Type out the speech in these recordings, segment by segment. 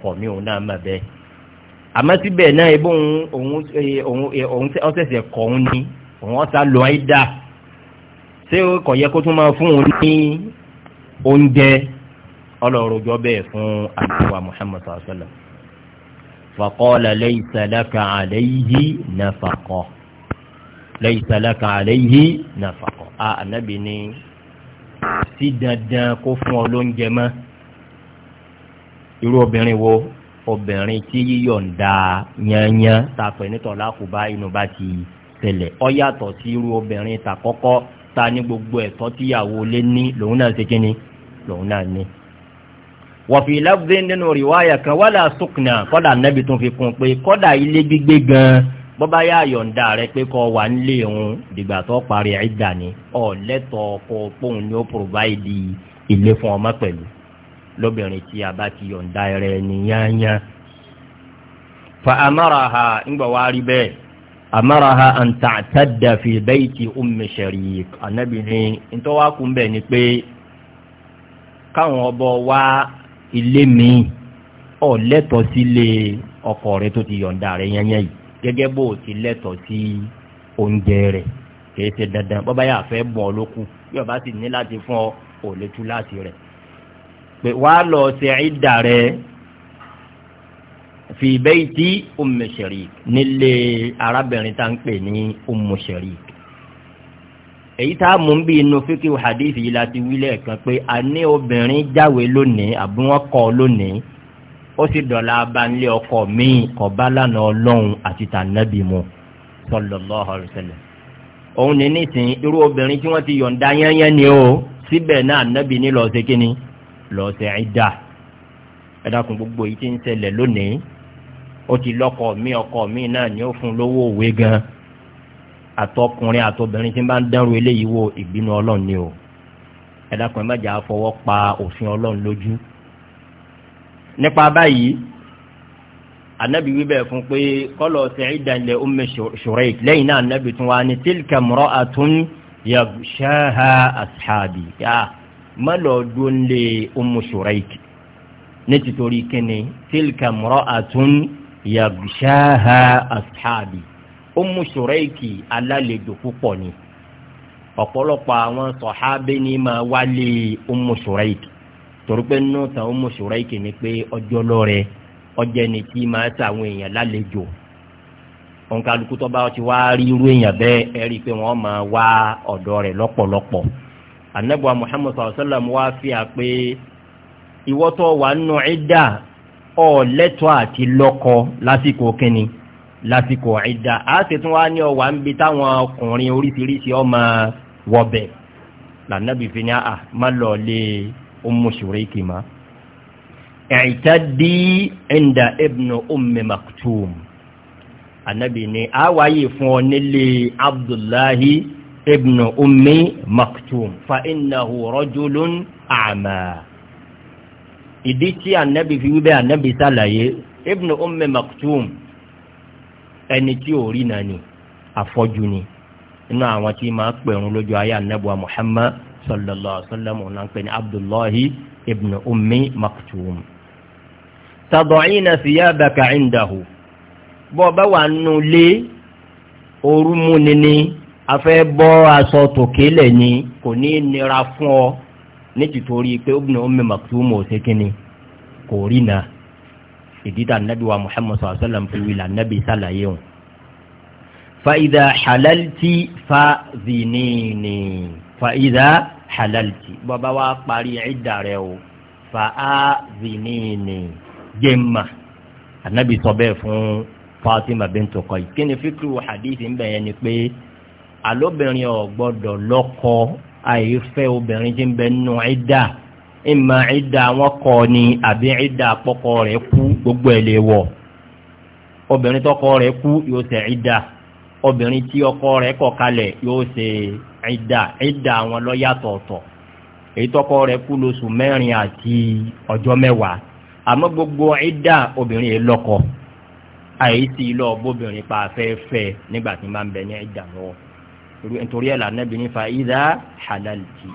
ọ̀pọ̀lọpọ̀ mi òun náà mà bẹ́ẹ̀ àmọ́ síbẹ̀ náà ebó òun òun e, òun ọ̀sẹ̀sẹ̀ e, kọ̀ òun ni òun ọ̀sà lọ àìdá ṣé kò yẹ kó tún máa fún òun ní oúnjẹ ọlọ́rọ̀jọ́ bẹ́ẹ̀ fún àdúrà muhammad sallam faqala laysa laka alayhi nafaqa laysa laka alayhi nafaqa a ànábì ni sí dandan kó fún ọ lóúnjẹ mọ́ irú obìnrin wo obìnrin tí yíyọ̀ǹda yanyan ta pè nítọ̀ lákòbá inú bá ti tẹ̀lẹ̀ ọ yàtọ̀ sí irú obìnrin ta kọ́kọ́ ta ní gbogbo ẹ̀tọ́ tíyàwó lé ní lòun náà ṣe kíni lòun náà ní. wọ̀fì lábúdé nínú rìwáyà kan wàlà sùkùnà kọ́dà nẹ́bi tó fi kún pé kọ́dà ilé gbígbé gan-an bọ́bá yá yọ̀ǹda rẹ pé kọ́ wà ń òun dìgbà tó parí ẹ̀dà ni ọ̀ lẹ́tọ̀ọ́ kọ́ pòun ni ó lóbìnrin tí a bá ti yọ̀ǹda rẹ̀ ní yányá. fa amaraha ńgbà wá rí bẹ́ẹ̀ amaraha an ta'tadda fi bayti ummi sharik anabi ni ntọ́ wá kún bẹ́ẹ̀ ni pé káwọn ọbọ wá ilé mi ọ̀ lẹ́tọ̀ọ́ sílé ọkọ rẹ̀ tó ti yọ̀ǹda rẹ̀ yányá yìí gẹ́gẹ́ bó o ti lẹ́tọ̀ọ́ sí oúnjẹ rẹ̀ kì ṣe dandan bọ́bá fẹ́ bọ̀ ọ́ lókù bí ọba sì ní láti fún ọ òlétú láti rẹ̀ pé wàá lọ ṣe ìdà rẹ fi bayti Ummu Sharik nílé arábìnrin tá ń pè ní Ummu Sharik èyí tá a mú bí inú fíkìw hadithi yìí láti wílẹ̀ kan pé a ní obìnrin jáwé lónìí àbí wọ́n kọ́ lónìí ó sì dọ̀la abanlé ọkọ míì kọ̀bá lánàá ọlọ́run àti tànàbì mu sallallahu alaihi wasallam. òun ní nísìnyí irú obìnrin tí wọ́n ti yọ̀ǹda yẹ́nyẹ́ ni ó síbẹ̀ náà nàbì nílò ṣe kínní lọ́sẹ̀ ìdá ẹ̀dàkùn gbogbo yìí ti ń ṣẹlẹ̀ lónìí ó ti lọ́kọ mi ọkọ mi náà ni ó fún lówó òwe gan àtọkùnrin àtọbìnrin tí ń bá ń dánrò eléyìí wo ìbínú ọlọ́run ni o ẹ̀dàkùn ẹ̀mẹ́jà fọwọ́ pa òfin ọlọ́run lójú nípa báyìí anabi wíbẹ̀ fún pé kọ́lọ̀ sẹ̀ẹ́dà ilẹ̀ Ummu Shuraik lẹ́yìn náà anabi tún wá ní tilka imra'atun yaghshaha ashabi yáà má lọ dún lé Ummu Shuraik ní títorí kíni tilka mra'atun yaghshaha ashabi Ummu Shuraik alálejò púpọ̀ ni ọ̀pọ̀lọpọ̀ àwọn sọ̀hábẹ́ ni máa wálé Ummu Shuraik torí pé nínú ta Ummu Shuraik ni pé ọjọ́ lọ́rẹ́ ọjọ́ ni tí máa ta àwọn èèyàn lálejò òǹkàlùkù tó bá ti wá rí irú èèyàn bẹ́ẹ̀ ẹ rí i pé wọ́n máa wá ọ̀dọ̀ rẹ̀ lọ́pọ̀lọpọ̀ annabuwa muhammadu sallallahu wa fi a pe iwoto wa nnu ida o leto ati loko lasiko kini lasiko ida a se tun wa ni o wa n bi tawon okunrin orisirisi o ma wobe lannabi fi ni a ah, ma lo le umu shuriki ma ìtàdí ẹ̀ndà ẹbùnà òmìnà maktoum annabi ni a wáyé fún ọ abdullahi ابن أم مكتوم فإنه رجل أعمى إديتي النبي في وبي النبي سالي ابن أم مكتوم ẹni tí ò rí nani afọ́jú ni inú àwọn tí máa pẹ̀rún lójú ayé anabuwa muhammad sallallahu alaihi wa sallam ọ̀nà pẹ̀ ní abdullahi ibn ummi maktum. tad'ina thiyabaka indahu bọ́ọ̀ bá wà nù lé orú mú nínú afẹ́ bọ́ aṣọ tòkè lẹ̀ ni kò ní nira fún ọ ní tìtorí pé ó bìnà omi màkúmù ò sékìní kò rí na ìdíta nàbí wa muhammad sallallahu alaihi wa sallam nàbí sàlàyé wọn. fa'idà halalti fa'zinini fa'idà halalti bàbá wa parí ìdá rẹ o fa'zinini jẹ́mà ànábì sọ bẹ́ẹ̀ fún fatima bintu Qays kí ni fíkìrì hadith ń bẹ̀yẹn ni pé alóbìnrin ò gbọ́dọ̀ lọ́kọ àìfẹ́ obìnrin tí ń bẹ nínú ẹ̀dá ìmọ̀ ẹ̀dá wọn kọ ni àbí ẹ̀dá àpọ́kọ rẹ̀ kú gbogbo ẹ̀ lè wọ̀ obìnrin tọkọ rẹ̀ kú yóò ṣe ẹ̀dá obìnrin tí ọkọ rẹ̀ kọ̀ kalẹ̀ yóò ṣe ẹ̀dá ẹ̀dá wọn ló yàtọ̀ọ̀tọ̀ èyí tọkọ rẹ̀ kú lóṣù mẹ́rin àti ọjọ́ mẹ́wàá àmọ́ gbogbo ẹ̀dá obìnrin yẹn lọ́kọ àyè sí ilé ọ̀bọ̀bìnrin pa afẹ́fẹ́ nígbà tí máa ń bẹ ní ẹ̀dá lọ́wọ́ nítorí ẹ̀ lànàbí ní fa ìdá halalti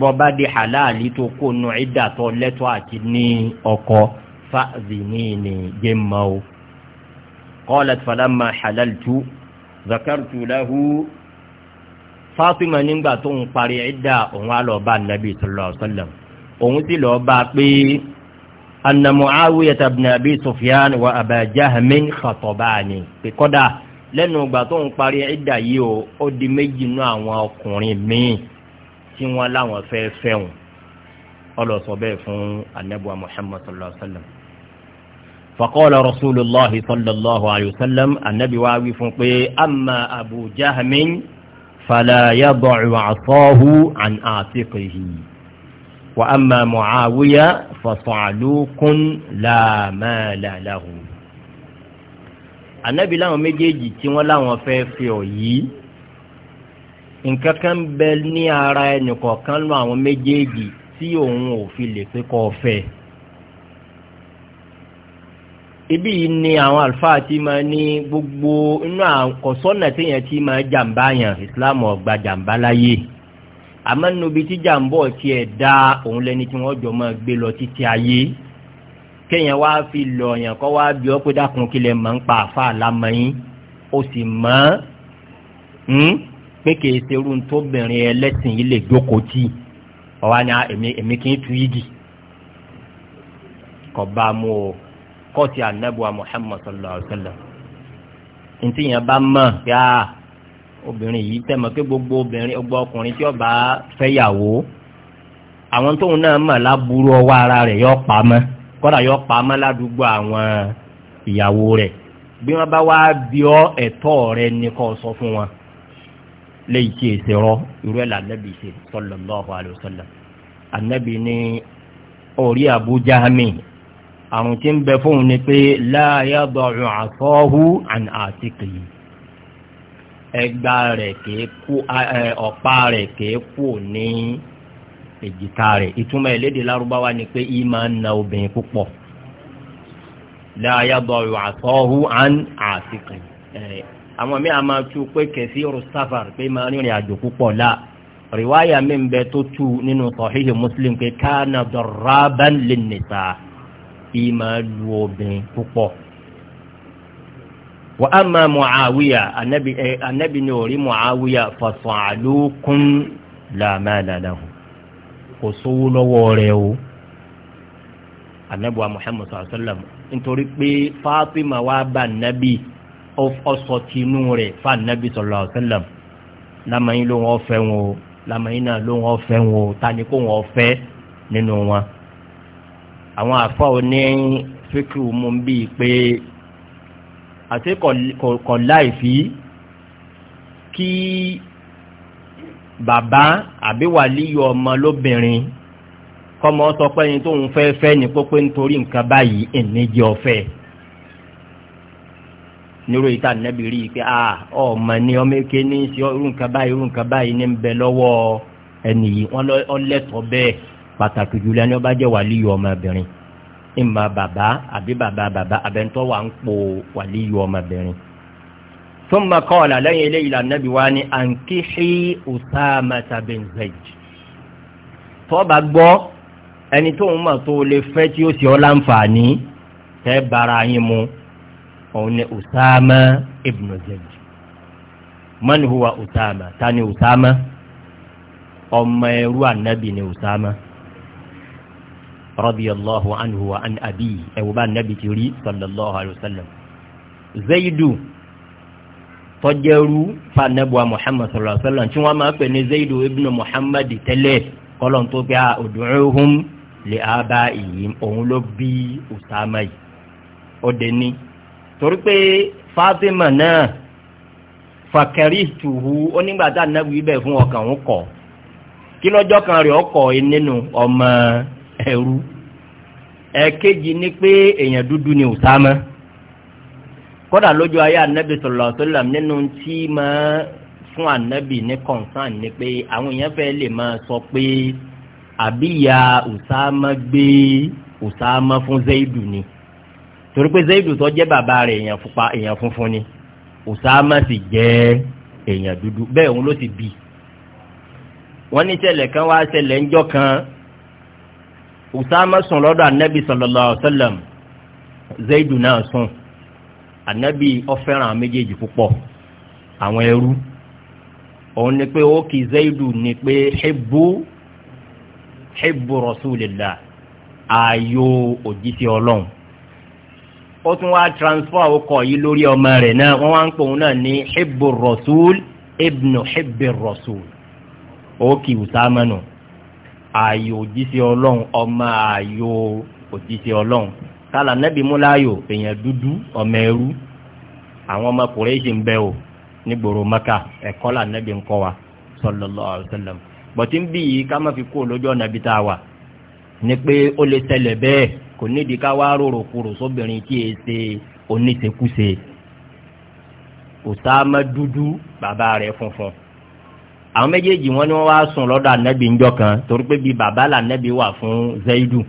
bọ́ba di halali tó kó nu ìdá tó lẹ́tọ́ àti ní ọkọ fa'dhinini jẹ́mọ́ o qalat falamma halaltu zakartu lahu Fátímà nígbà tó ń parí ìdá òun á lọ bá nàbí sallallahu òun sì lọ bá pé anna Mu'awiyata ibn Abi wa Aba Jahmin khatabani lẹ́nu ìgbà tó ń parí ẹ̀dà yìí o ó di méjì nú àwọn ọkùnrin míì tí wọ́n láwọn fẹ́ fẹ́hùn ọlọ́sọ bẹ́ẹ̀ fún anabuwa muhammad sallallahu alayhi wa sallam fakọ́lá rasulillah sallallahu alayhi wa sallam anabi wa wí fún pé ama abu jahmin falaya bọ̀cù àtọ́hu an àtìkìhì wa ama muawiya fasalukun laamala La ànábì láwọn méjèèjì tí wọ́n láwọn fẹ́ fi ọ̀ yìí nǹkan kan ń bẹ ní ara ẹnìkọ̀ọ̀kan lọ àwọn méjèèjì tí òun ò fi lè pé kọ́ fẹ́ ibi yìí ni àwọn àlùfáà ti máa ní gbogbo inú àkọsọ́nà téèyàn ti máa jàǹbá yàn ìsìláàmù ọ̀gbà jàǹbá láyé àmọ́ níbi tí jàǹbọ̀ tiẹ̀ dá òun lẹni tí wọ́n jọ máa gbé lọ títí ayé kéèyàn wá fi lọ̀yàn kọ́ wá bí ọ́ pé dákun kí lè mọ̀ ń pa àfa àlámọ́yìn ó sì mọ̀ ń hmm, pé kì í serú tóbìnrin ẹlẹ́sìn yìí lè jókòó tì ọ̀wá ni ah, èmi kì í tu yídì kọ́ bá a o kọ́ ti ànábùwà Muhammad sallallahu alayhi wa sallam ntí yẹn bá mọ̀ yá ah, obìnrin yìí tẹ̀mọ̀ pé gbogbo obìnrin gbogbo ọkùnrin tí ó bá fẹ́yàwó àwọn tóun náà mọ̀ láburú ọwọ́ ara rẹ̀ yọ pa mọ́ kọ́dà yọ pamọ́ ládùúgbò àwọn ìyàwó rẹ̀ bí wọ́n bá wá bí ọ ẹ̀tọ́ rẹ̀ ní kó sọ fún wọn léyìí tí èsì rọ irú ẹ̀ lànàbì ṣe sallallahu alaihi wasallam ànàbì ní orí Abu Jahmi àrùn tí ń bẹ fóun ni pé la yada'u asahu an atiqi ẹgbà rẹ̀ kéé kú ọ̀pá rẹ̀ kéé kú ní èjìká rẹ̀ ìtumọ̀ ìlédè lárúbáwá ni pé yìí máa ń na obìnrin púpọ̀ láyàbọ̀ àtọ́hù àn àsìkò ẹ̀ àwọn míì a máa tú pé kẹsí rustafar pé máa rìnrìn àjò púpọ̀ la rìwáyà mi bẹ tó tú nínú sọ̀híhì muslim pé kánà dọ̀rábàn lè nìta yìí máa lu obìnrin púpọ̀ wa ama muawiya anabi eh, anabi ni ori muawiya fasalukun la mala lahu kò sówó lọ́wọ́ rẹ̀ o anabuwa muhammad sallallahu alaihi wa sallam nítorí pé fatima wá bá nabi ọsọ tinú rẹ̀ fa nabi sallallahu alaihi wa sallam lamẹ́yìn ló wọ́n fẹ́ wọn o lamẹ́yìn náà ló wọ́n fẹ́ wọn o ta ni kó wọ́n fẹ́ nínú wọn. àwọn àfa ò ní fíkì mú bíi pé àti kọ̀ láì fi kí bàbá àbí wàlíyọ ọmọ lóbìnrin kọ́mọ sọ pé ẹni tóun fẹ́ fẹ́ ni pópé nítorí nǹkan báyìí ẹ̀ẹ́nìjẹ́ ọ̀fẹ́ nírò ìta nẹ́bí rí i pé a ọmọ ni ọmọ èké ní ṣe irú nǹkan báyìí irú nǹkan báyìí ní ń bẹ lọ́wọ́ ẹni yìí wọ́n lọ́lẹ́tọ̀ọ́ bẹ́ẹ̀ pàtàkì jùlọ ẹni ọba jẹ́ wàlíyọ ọmọbìnrin ìmọ̀ bàbá àbí bàbá bàbá abẹ́ntọ́ wà ń po wàlíyọ ọmọbìnrin ثم قال لن إلى النبي واني أنكحي أسامة بن زيد tọ́ba gbọ́ ẹni tó ń mọ̀ tó lè fẹ́ tí ó sì ọ́ láǹfààní tẹ́ bara yín mu òun ni Usama ibn Zayd man huwa Usama ta ni Usama ọmọ ẹrú ànábì ni Usama radiyallahu anhu wa an abi ẹ̀wọ̀n bá ànábì ti rí sallallahu alayhi wa sallam Zaidu. tọ́jẹ́rú fa muhammad sallallahu alaihi wa tí wọ́n máa pè ní zaidu ibn muhammad tẹ́lẹ̀ kọ́lọ́n tó pé ah, ud'uhum li abaihim òun ló bí usama yìí ó dé ní. torí pé fatima náà tuhu ibẹ̀ fún ọkàn òun kí lọ́jọ́ kan rẹ̀ ọkọ̀ nínú ọmọ ẹrú ni pé usama. kódà lójú ayé anabi sallallahu alaihi wasallam nínú tí máa fún anabi ní concern ni pé àwọn èèyàn fẹ́ lè máa sọ pé àbíyá Usama gbé Usama fún Zaidu ni torí pé Zaidu tó jẹ́ bàbá rẹ̀ èèyàn pupa èèyàn funfun ni Usama sì jẹ́ èèyàn dúdú bẹ́ẹ̀ òun ló sì bì wọ́n ní ṣẹlẹ̀ kan wá ṣẹlẹ̀ ńjọ́ kan Usama sùn lọ́dọ̀ anabi sallallahu alaihi wasallam Zaidu náà sùn ànábì ọ̀fẹ́ràn méjèèjì púpọ̀ àwọn ẹrú òun ni pé ó kì í zaidu ni pé hibbu hibbu rasulillah ààyò òjíṣẹ́ ọlọ́run ó tún wá transfer ọkọ̀ yìí lórí ọmọ rẹ̀ náà wọ́n wá ń pè òun náà ní hibbu rasul ibnu hibbi rasul ó kì í sámẹ́nu ààyò òjíṣẹ́ ọlọ́run ọmọ ààyò òjíṣẹ́ ọlọ́run. Kala nabi múláyò èèyàn dúdú ọmọ ẹrú àwọn ọmọ kùrẹ́ṣì ń bẹ o nígboro maka ẹ̀kọ́ là nẹ́bí ń kọ́ wa sallallahu alaihi wasallam bọ̀tí ń bí yìí ká má fi kó lójú ọ̀nà ibi tá a wà ni pé ó lè tẹ̀lẹ̀ bẹ́ẹ̀ kò nídìí ká wá rorò kúrò sóbìnrin tí e ṣe oníṣekúṣe Usama dudu baba rẹ̀ funfun àwọn méjèèjì wọn ni wọn wá sùn lọ́dọ̀ ànẹ́bí ńjọ́ kan torí pé bíi bàbá là ànẹ́bí wà fún Zaidu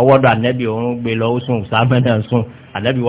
ọwọ́dọ̀ ànẹ́bí òun gbé lọ ó sùn sábẹ́ náà sùn ànẹ́bí